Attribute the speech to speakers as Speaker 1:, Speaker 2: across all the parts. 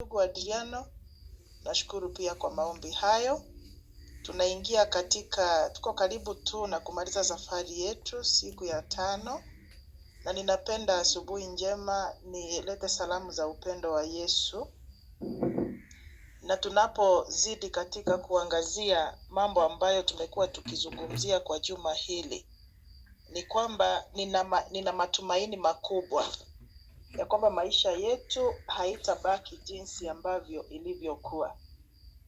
Speaker 1: Ndugu Adriano, nashukuru pia kwa maombi hayo. Tunaingia katika, tuko karibu tu na kumaliza safari yetu siku ya tano, na ninapenda asubuhi njema nilete salamu za upendo wa Yesu, na tunapozidi katika kuangazia mambo ambayo tumekuwa tukizungumzia kwa juma hili, ni kwamba nina, ma, nina matumaini makubwa ya kwamba maisha yetu haitabaki jinsi ambavyo ilivyokuwa.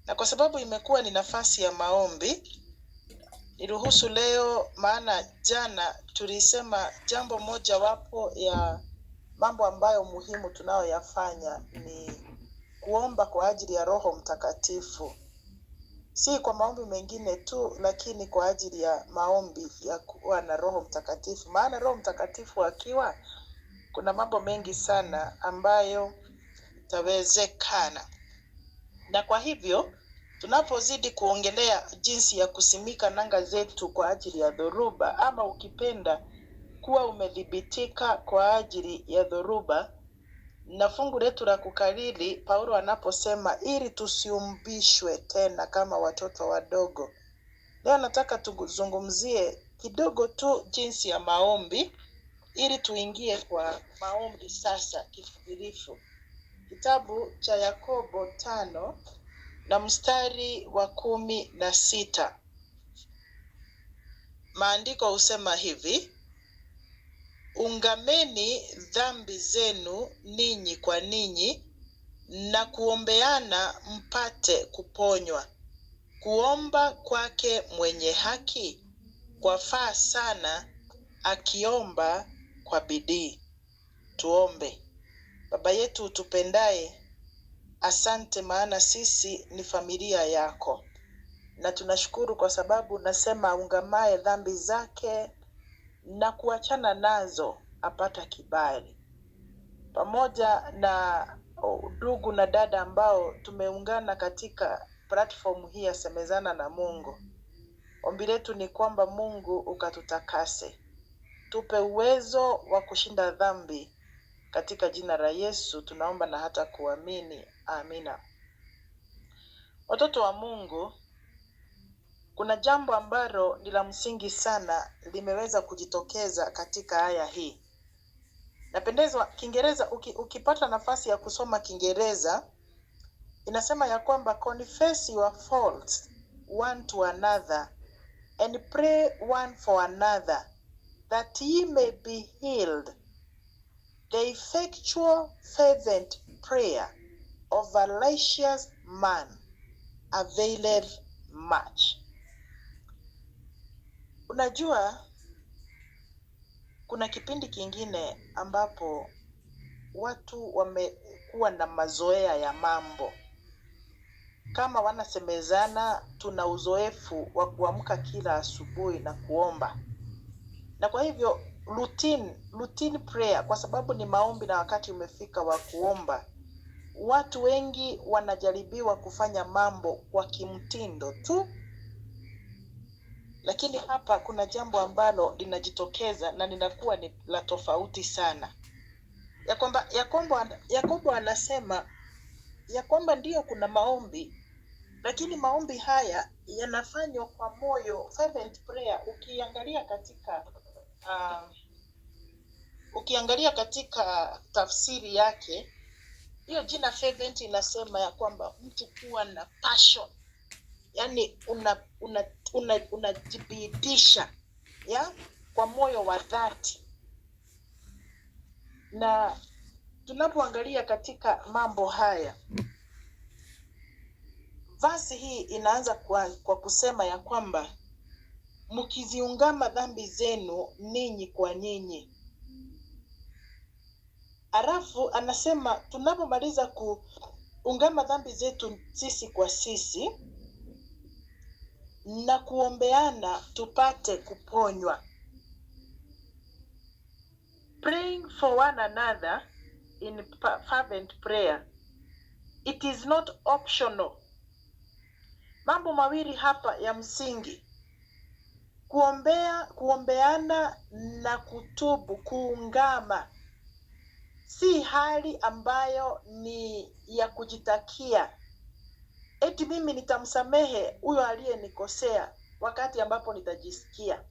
Speaker 1: Na kwa sababu imekuwa ni nafasi ya maombi, niruhusu leo, maana jana tulisema jambo moja wapo ya mambo ambayo muhimu tunayoyafanya ni kuomba kwa ajili ya Roho Mtakatifu, si kwa maombi mengine tu, lakini kwa ajili ya maombi ya kuwa na Roho Mtakatifu, maana Roho Mtakatifu akiwa kuna mambo mengi sana ambayo tawezekana. Na kwa hivyo tunapozidi kuongelea jinsi ya kusimika nanga zetu kwa ajili ya dhoruba, ama ukipenda kuwa umedhibitika kwa ajili ya dhoruba, na fungu letu la kukariri, Paulo anaposema ili tusiumbishwe tena kama watoto wadogo. Leo nataka tuzungumzie kidogo tu jinsi ya maombi ili tuingie kwa maombi sasa kifikirifu. Kitabu cha Yakobo tano na mstari wa kumi na sita maandiko husema hivi: ungameni dhambi zenu ninyi kwa ninyi na kuombeana mpate kuponywa. Kuomba kwake mwenye haki kwafaa sana, akiomba kwa bidii. Tuombe. Baba yetu utupendaye, asante, maana sisi ni familia yako, na tunashukuru kwa sababu nasema aungamaye dhambi zake na kuachana nazo apata kibali. Pamoja na ndugu na dada ambao tumeungana katika platform hii ya Semezana na Mungu, ombi letu ni kwamba Mungu ukatutakase tupe uwezo wa kushinda dhambi katika jina la Yesu tunaomba na hata kuamini, amina. Watoto wa Mungu, kuna jambo ambalo ni la msingi sana limeweza kujitokeza katika aya hii. Napendezwa Kiingereza, uki, ukipata nafasi ya kusoma Kiingereza inasema ya kwamba confess your faults one to another and pray one for another that ye may be healed. The effectual, fervent prayer of a righteous man availeth much. Unajua, kuna kipindi kingine ambapo watu wamekuwa na mazoea ya mambo kama wanasemezana, tuna uzoefu wa kuamka kila asubuhi na kuomba na kwa hivyo routine, routine prayer, kwa sababu ni maombi na wakati umefika wa kuomba. Watu wengi wanajaribiwa kufanya mambo kwa kimtindo tu, lakini hapa kuna jambo ambalo linajitokeza na linakuwa ni la tofauti sana, ya kwamba Yakobo Yakobo anasema ya kwamba ndiyo kuna maombi lakini maombi haya yanafanywa kwa moyo, fervent prayer. Ukiangalia katika uh, ukiangalia katika tafsiri yake hiyo jina fervent inasema ya kwamba mtu kuwa na passion yaani unajibidisha una, una, una ya kwa moyo wa dhati na tunapoangalia katika mambo haya vasi hii inaanza kwa, kwa kusema ya kwamba mkiziungama dhambi zenu ninyi kwa ninyi. Alafu anasema tunapomaliza kuungama dhambi zetu sisi kwa sisi na kuombeana tupate kuponywa. Praying for one another in fervent prayer. It is not optional. Mambo mawili hapa ya msingi kuombea, kuombeana na kutubu, kuungama si hali ambayo ni ya kujitakia eti mimi nitamsamehe huyo aliyenikosea wakati ambapo nitajisikia.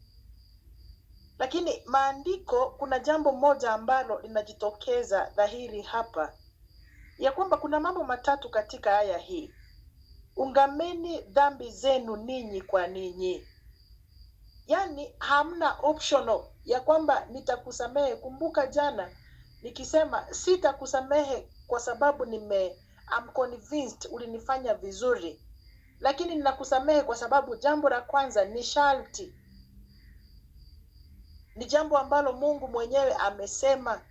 Speaker 1: Lakini maandiko, kuna jambo moja ambalo linajitokeza dhahiri hapa ya kwamba kuna mambo matatu katika aya hii: ungameni dhambi zenu ninyi kwa ninyi yani hamna optional ya kwamba nitakusamehe. Kumbuka jana nikisema sitakusamehe kwa sababu nime I'm convinced ulinifanya vizuri, lakini ninakusamehe kwa sababu jambo la kwanza ni sharti, ni jambo ambalo Mungu mwenyewe amesema.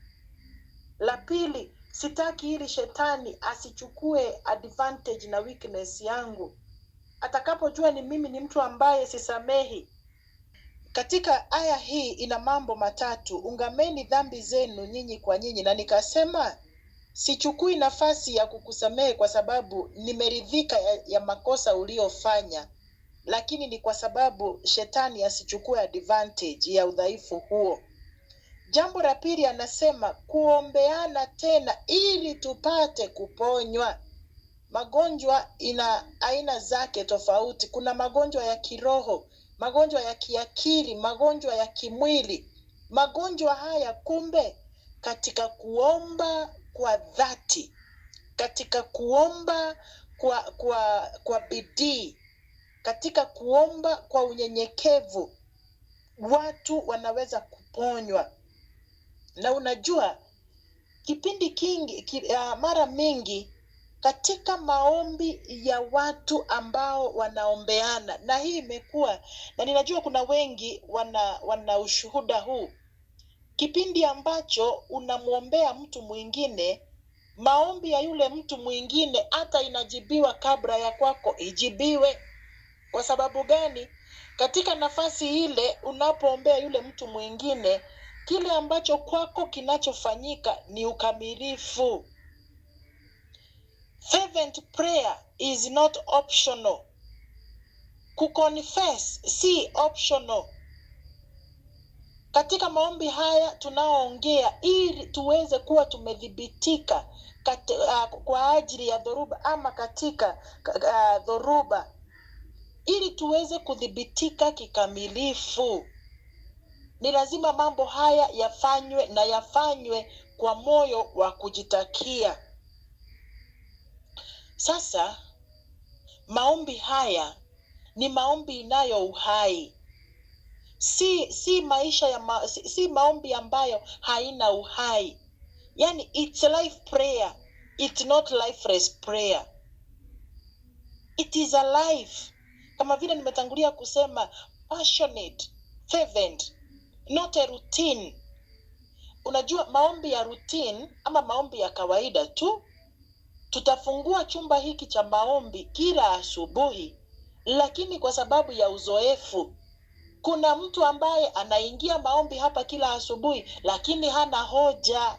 Speaker 1: La pili, sitaki ili shetani asichukue advantage na weakness yangu, atakapojua ni mimi ni mtu ambaye sisamehi katika aya hii ina mambo matatu: ungameni dhambi zenu nyinyi kwa nyinyi. Na nikasema sichukui nafasi ya kukusamehe kwa sababu nimeridhika ya, ya makosa uliofanya lakini ni kwa sababu shetani asichukue advantage ya udhaifu huo. Jambo la pili, anasema kuombeana tena ili tupate kuponywa. Magonjwa ina aina zake tofauti. Kuna magonjwa ya kiroho magonjwa ya kiakili, magonjwa ya kimwili. Magonjwa haya kumbe, katika kuomba kwa dhati, katika kuomba kwa kwa kwa bidii, katika kuomba kwa unyenyekevu, watu wanaweza kuponywa. Na unajua kipindi kingi ki, uh, mara mingi katika maombi ya watu ambao wanaombeana, na hii imekuwa na ninajua kuna wengi wana wana ushuhuda huu. Kipindi ambacho unamwombea mtu mwingine, maombi ya yule mtu mwingine hata inajibiwa kabla ya kwako ijibiwe. Kwa sababu gani? Katika nafasi ile unapoombea yule mtu mwingine, kile ambacho kwako kinachofanyika ni ukamilifu Fervent prayer is not optional. Kuconfess si optional. Katika maombi haya tunaoongea ili tuweze kuwa tumedhibitika kat, uh, kwa ajili ya dhoruba ama katika uh, dhoruba ili tuweze kudhibitika kikamilifu. Ni lazima mambo haya yafanywe na yafanywe kwa moyo wa kujitakia. Sasa maombi haya ni maombi inayo uhai, si si maisha ya ma, si, si maombi ambayo haina uhai. Yani it's life prayer, it's not lifeless prayer, it is alive. Kama vile nimetangulia kusema, passionate, fervent, not a routine. Unajua, maombi ya routine ama maombi ya kawaida tu tutafungua chumba hiki cha maombi kila asubuhi, lakini kwa sababu ya uzoefu kuna mtu ambaye anaingia maombi hapa kila asubuhi, lakini hana hoja.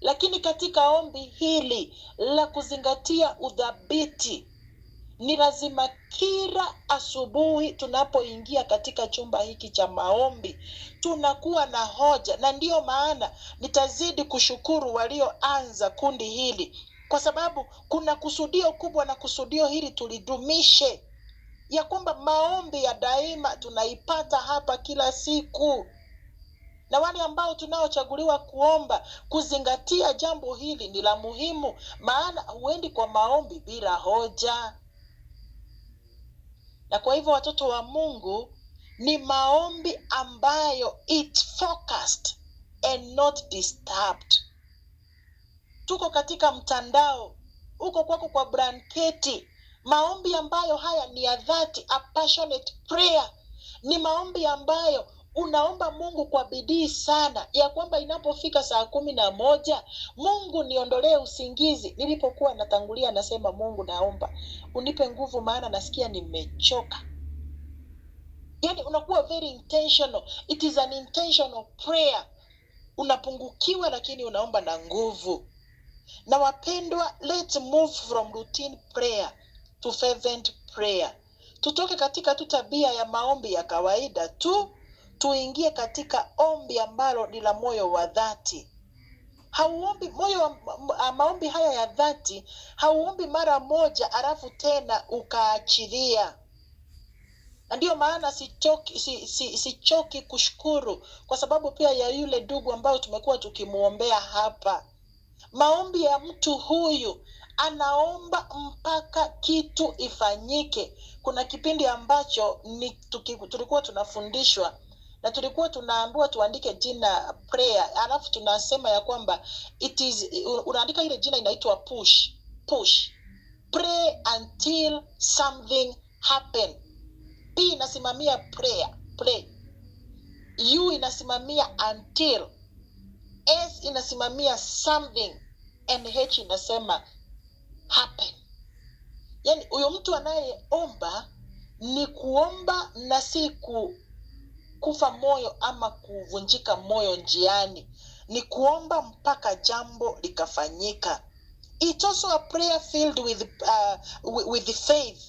Speaker 1: Lakini katika ombi hili la kuzingatia udhabiti ni lazima kila asubuhi tunapoingia katika chumba hiki cha maombi tunakuwa na hoja, na ndiyo maana nitazidi kushukuru walioanza kundi hili, kwa sababu kuna kusudio kubwa, na kusudio hili tulidumishe, ya kwamba maombi ya daima tunaipata hapa kila siku na wale ambao tunaochaguliwa kuomba kuzingatia jambo hili ni la muhimu, maana huendi kwa maombi bila hoja. Na kwa hivyo watoto wa Mungu ni maombi ambayo it focused and not disturbed. Tuko katika mtandao, uko kwako kwa blanketi, maombi ambayo haya ni ya dhati, a passionate prayer, ni maombi ambayo unaomba Mungu kwa bidii sana, ya kwamba inapofika saa kumi na moja, Mungu niondolee usingizi. Nilipokuwa natangulia, nasema Mungu, naomba unipe nguvu, maana nasikia nimechoka. Yani unakuwa very intentional, it is an intentional prayer. Unapungukiwa lakini unaomba na nguvu. Na wapendwa, let's move from routine prayer to fervent prayer. Tutoke katika tu tabia ya maombi ya kawaida tu tuingie katika ombi ambalo ni la moyo wa dhati hauombi moyo maombi haya ya dhati hauombi mara moja alafu tena ukaachilia ndiyo maana sichoki, si, si, sichoki kushukuru kwa sababu pia ya yule ndugu ambayo tumekuwa tukimwombea hapa maombi ya mtu huyu anaomba mpaka kitu ifanyike kuna kipindi ambacho ni tuki, tulikuwa tunafundishwa na tulikuwa tunaambiwa tuandike jina prayer, alafu tunasema ya kwamba it is, unaandika ile jina inaitwa push push, pray until something happen. P inasimamia prayer pray, U inasimamia until, S inasimamia something, and H inasema happen. Yani huyo mtu anayeomba ni kuomba na si ku kufa moyo ama kuvunjika moyo njiani ni kuomba mpaka jambo likafanyika it's also a prayer filled with, uh, with, with faith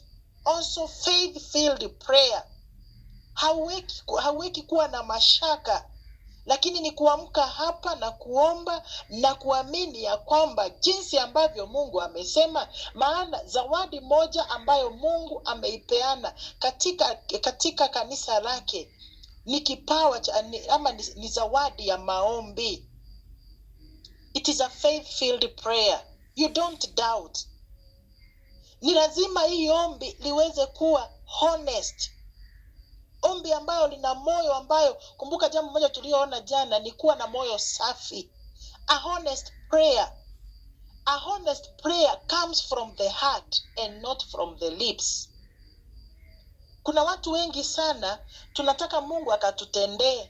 Speaker 1: also faith filled prayer hauweki, hauweki kuwa na mashaka lakini ni kuamka hapa na kuomba na kuamini ya kwamba jinsi ambavyo mungu amesema maana zawadi moja ambayo mungu ameipeana katika, katika kanisa lake ni kipawa cha, ni, ama ni, ni zawadi ya maombi it is a faith filled prayer you don't doubt ni lazima hii ombi liweze kuwa honest ombi ambayo lina moyo ambayo kumbuka jambo moja tulioona jana ni kuwa na moyo safi a honest prayer a honest prayer comes from the heart and not from the lips kuna watu wengi sana tunataka Mungu akatutendee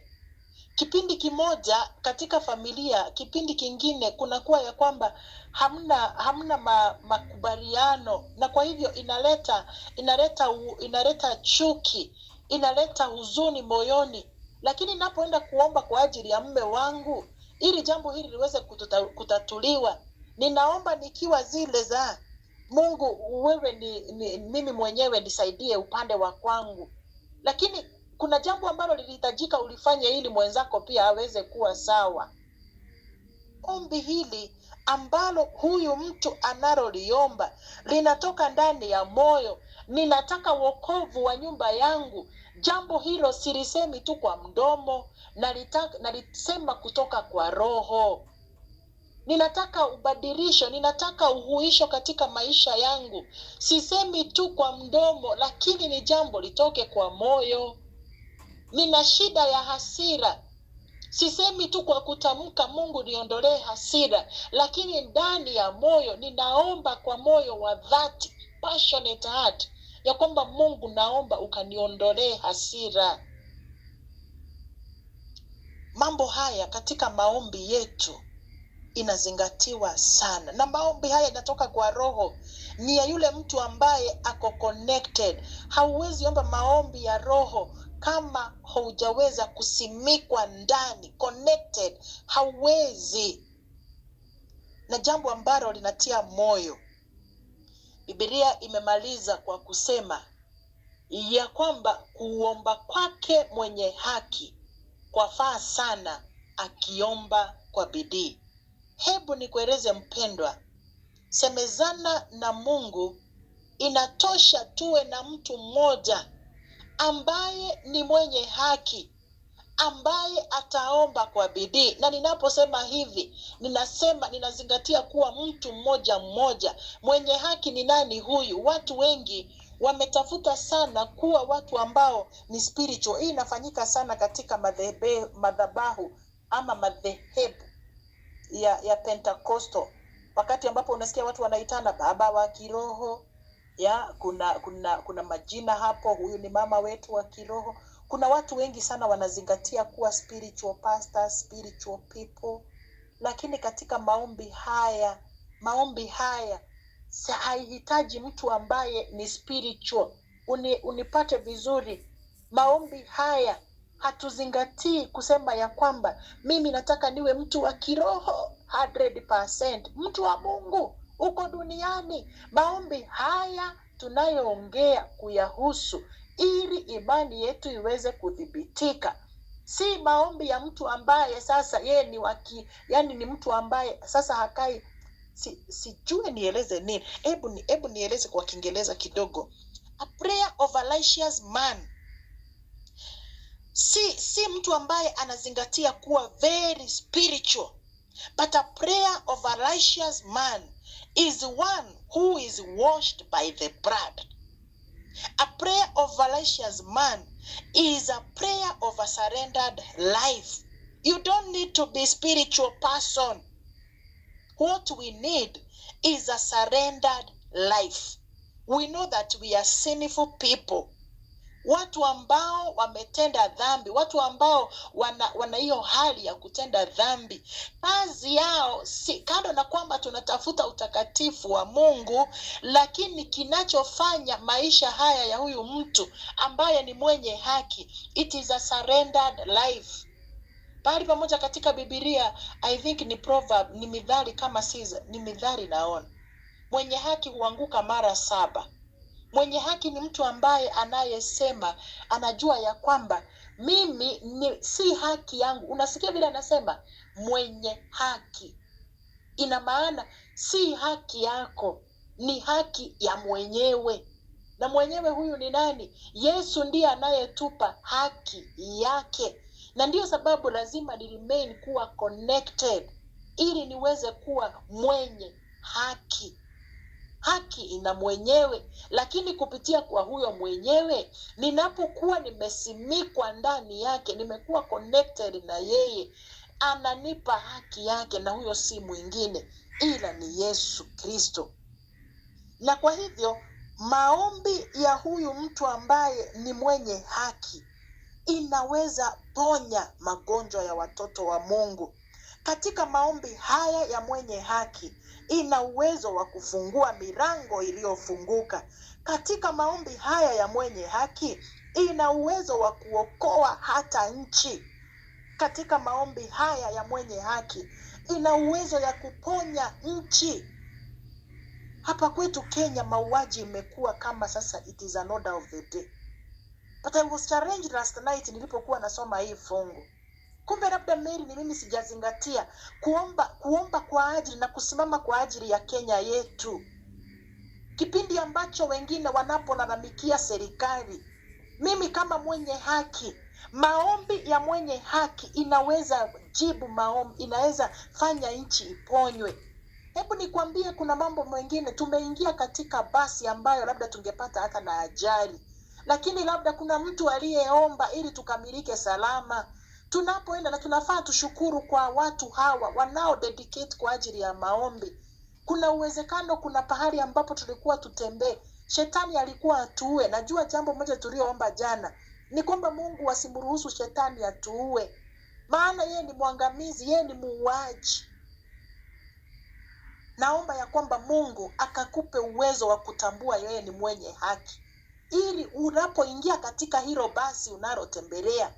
Speaker 1: kipindi kimoja katika familia, kipindi kingine kunakuwa ya kwamba hamna hamna ma, makubaliano, na kwa hivyo inaleta inaleta inaleta chuki, inaleta huzuni moyoni. Lakini ninapoenda kuomba kwa ajili ya mme wangu ili jambo hili liweze kutatuliwa, ninaomba nikiwa zile za Mungu wewe ni, ni mimi mwenyewe nisaidie upande wa kwangu, lakini kuna jambo ambalo lilihitajika ulifanye ili mwenzako pia aweze kuwa sawa. Ombi hili ambalo huyu mtu analoliomba linatoka ndani ya moyo, ninataka wokovu wa nyumba yangu. Jambo hilo silisemi tu kwa mdomo, nalisema kutoka kwa roho ninataka ubadilisho ninataka uhuisho katika maisha yangu sisemi tu kwa mdomo lakini ni jambo litoke kwa moyo nina shida ya hasira sisemi tu kwa kutamka mungu niondolee hasira lakini ndani ya moyo ninaomba kwa moyo wa dhati passionate heart ya kwamba mungu naomba ukaniondolee hasira mambo haya katika maombi yetu inazingatiwa sana, na maombi haya yanatoka kwa roho, ni ya yule mtu ambaye ako connected. Hauwezi omba maombi ya roho kama haujaweza kusimikwa ndani connected, hauwezi. Na jambo ambalo linatia moyo, Biblia imemaliza kwa kusema ya kwamba kuomba kwake mwenye haki kwafaa sana akiomba kwa bidii. Hebu nikueleze mpendwa, semezana na Mungu inatosha. Tuwe na mtu mmoja ambaye ni mwenye haki, ambaye ataomba kwa bidii. Na ninaposema hivi, ninasema ninazingatia kuwa mtu mmoja mmoja. Mwenye haki ni nani huyu? Watu wengi wametafuta sana kuwa watu ambao ni spiritual. Hii inafanyika sana katika madhabahu ama madhehebu ya ya Pentecostal, wakati ambapo unasikia watu wanaitana baba wa kiroho ya kuna kuna kuna majina hapo, huyu ni mama wetu wa kiroho. Kuna watu wengi sana wanazingatia kuwa spiritual pastor, spiritual people, lakini katika maombi haya maombi haya haihitaji mtu ambaye ni spiritual. Uni, unipate vizuri maombi haya hatuzingatii kusema ya kwamba mimi nataka niwe mtu wa kiroho 100%, mtu wa Mungu uko duniani. Maombi haya tunayoongea kuyahusu, ili imani yetu iweze kuthibitika, si maombi ya mtu ambaye sasa yeye ni waki, yani ni mtu ambaye sasa hakai si, sijue nieleze nini. Hebu hebu nieleze kwa Kiingereza kidogo, a prayer of a righteous man si mtu ambaye anazingatia kuwa very spiritual but a prayer of a righteous man is one who is washed by the blood a prayer of a righteous man is a prayer of a surrendered life you don't need to be spiritual person what we need is a surrendered life we know that we are sinful people watu ambao wametenda dhambi, watu ambao wana, wana hiyo hali ya kutenda dhambi. Kazi yao si kando na kwamba tunatafuta utakatifu wa Mungu, lakini kinachofanya maisha haya ya huyu mtu ambaye ni mwenye haki, it is a surrendered life pahali pamoja katika Bibilia, I think ni proverb, ni midhali kama si ni midhali naona mwenye haki huanguka mara saba Mwenye haki ni mtu ambaye anayesema anajua ya kwamba mimi ni, si haki yangu. Unasikia vile anasema mwenye haki, ina maana si haki yako, ni haki ya mwenyewe. Na mwenyewe huyu ni nani? Yesu ndiye anayetupa haki yake, na ndiyo sababu lazima ni remain kuwa connected ili niweze kuwa mwenye haki haki ina mwenyewe, lakini kupitia kwa huyo mwenyewe, ninapokuwa nimesimikwa ndani yake, nimekuwa connected na yeye, ananipa haki yake, na huyo si mwingine ila ni Yesu Kristo. Na kwa hivyo maombi ya huyu mtu ambaye ni mwenye haki inaweza ponya magonjwa ya watoto wa Mungu. Katika maombi haya ya mwenye haki ina uwezo wa kufungua milango iliyofunguka. Katika maombi haya ya mwenye haki, ina uwezo wa kuokoa hata nchi. Katika maombi haya ya mwenye haki, ina uwezo ya kuponya nchi. Hapa kwetu Kenya, mauaji imekuwa kama sasa, it is an order of the day, but I was challenged last night nilipokuwa nasoma hii fungu Kumbe labda Mary, ni mimi sijazingatia kuomba, kuomba kwa ajili na kusimama kwa ajili ya Kenya yetu, kipindi ambacho wengine wanapolalamikia serikali. Mimi kama mwenye haki, maombi ya mwenye haki inaweza jibu maombi, inaweza fanya nchi iponywe. Hebu nikwambie, kuna mambo mengine tumeingia katika basi ambayo labda tungepata hata na ajali, lakini labda kuna mtu aliyeomba ili tukamilike salama tunapoenda, na tunafaa tushukuru kwa watu hawa wanao dedicate kwa ajili ya maombi. Kuna uwezekano, kuna pahali ambapo tulikuwa tutembee, shetani alikuwa atuue. Najua jambo moja tulioomba jana ni kwamba Mungu asimruhusu shetani atuue, maana yeye ni mwangamizi, yeye ni muuaji. Naomba ya kwamba Mungu akakupe uwezo wa kutambua yeye ni mwenye haki, ili unapoingia katika hilo basi unalotembelea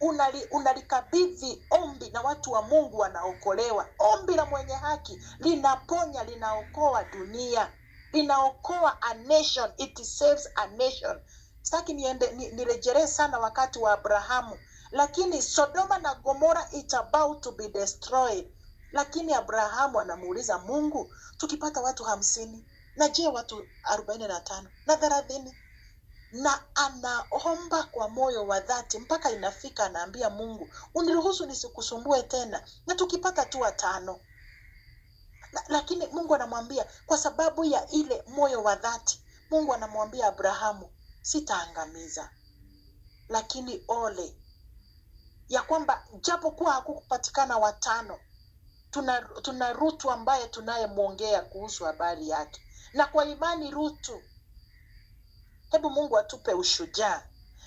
Speaker 1: unali, unalikabidhi ombi na watu wa Mungu wanaokolewa. Ombi la mwenye haki linaponya, linaokoa dunia, linaokoa a nation, it saves a nation. Sitaki niende nirejelee sana wakati wa Abrahamu, lakini Sodoma na Gomora it about to be destroyed, lakini Abrahamu anamuuliza Mungu, tukipata watu hamsini na je watu arobaini na tano na thelathini na anaomba kwa moyo wa dhati mpaka inafika, anaambia Mungu, uniruhusu nisikusumbue tena, na tukipata tu watano na, lakini Mungu anamwambia kwa sababu ya ile moyo wa dhati, Mungu anamwambia Abrahamu, sitaangamiza, lakini ole ya kwamba japokuwa hakukupatikana watano, tuna, tuna Rutu ambaye tunayemwongea kuhusu habari yake, na kwa imani Rutu hebu mungu atupe ushujaa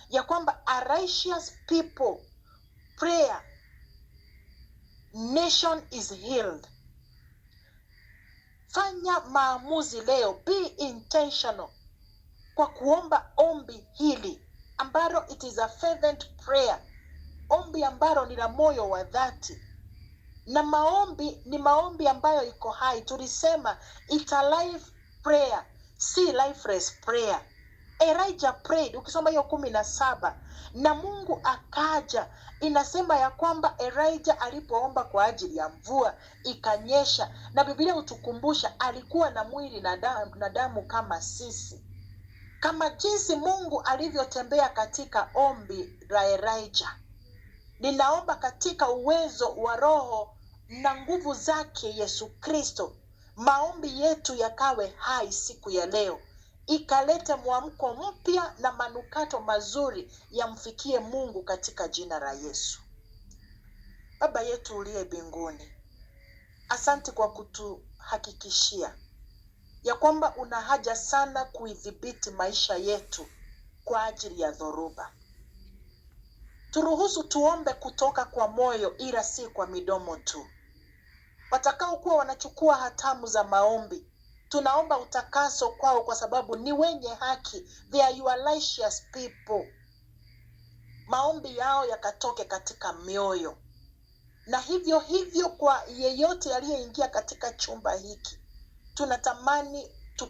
Speaker 1: ya kwamba a righteous people prayer nation is healed fanya maamuzi leo be intentional kwa kuomba ombi hili ambalo it is a fervent prayer ombi ambalo ni la moyo wa dhati na maombi ni maombi ambayo iko hai tulisema a life prayer si lifeless prayer Elijah prayed, ukisoma hiyo kumi na saba na Mungu akaja, inasema ya kwamba Elijah alipoomba kwa ajili ya mvua ikanyesha, na Biblia hutukumbusha alikuwa na mwili na damu, na damu kama sisi, kama jinsi Mungu alivyotembea katika ombi la Elijah. Ninaomba katika uwezo wa Roho na nguvu zake Yesu Kristo, maombi yetu yakawe hai siku ya leo ikalete mwamko mpya na manukato mazuri yamfikie Mungu katika jina la Yesu. Baba yetu uliye mbinguni, asante kwa kutuhakikishia ya kwamba una haja sana kuidhibiti maisha yetu kwa ajili ya dhoruba. Turuhusu tuombe kutoka kwa moyo, ila si kwa midomo tu. Watakaokuwa wanachukua hatamu za maombi Tunaomba utakaso kwao kwa sababu ni wenye haki, they are your righteous people. Maombi yao yakatoke katika mioyo, na hivyo hivyo kwa yeyote aliyeingia katika chumba hiki tunatamani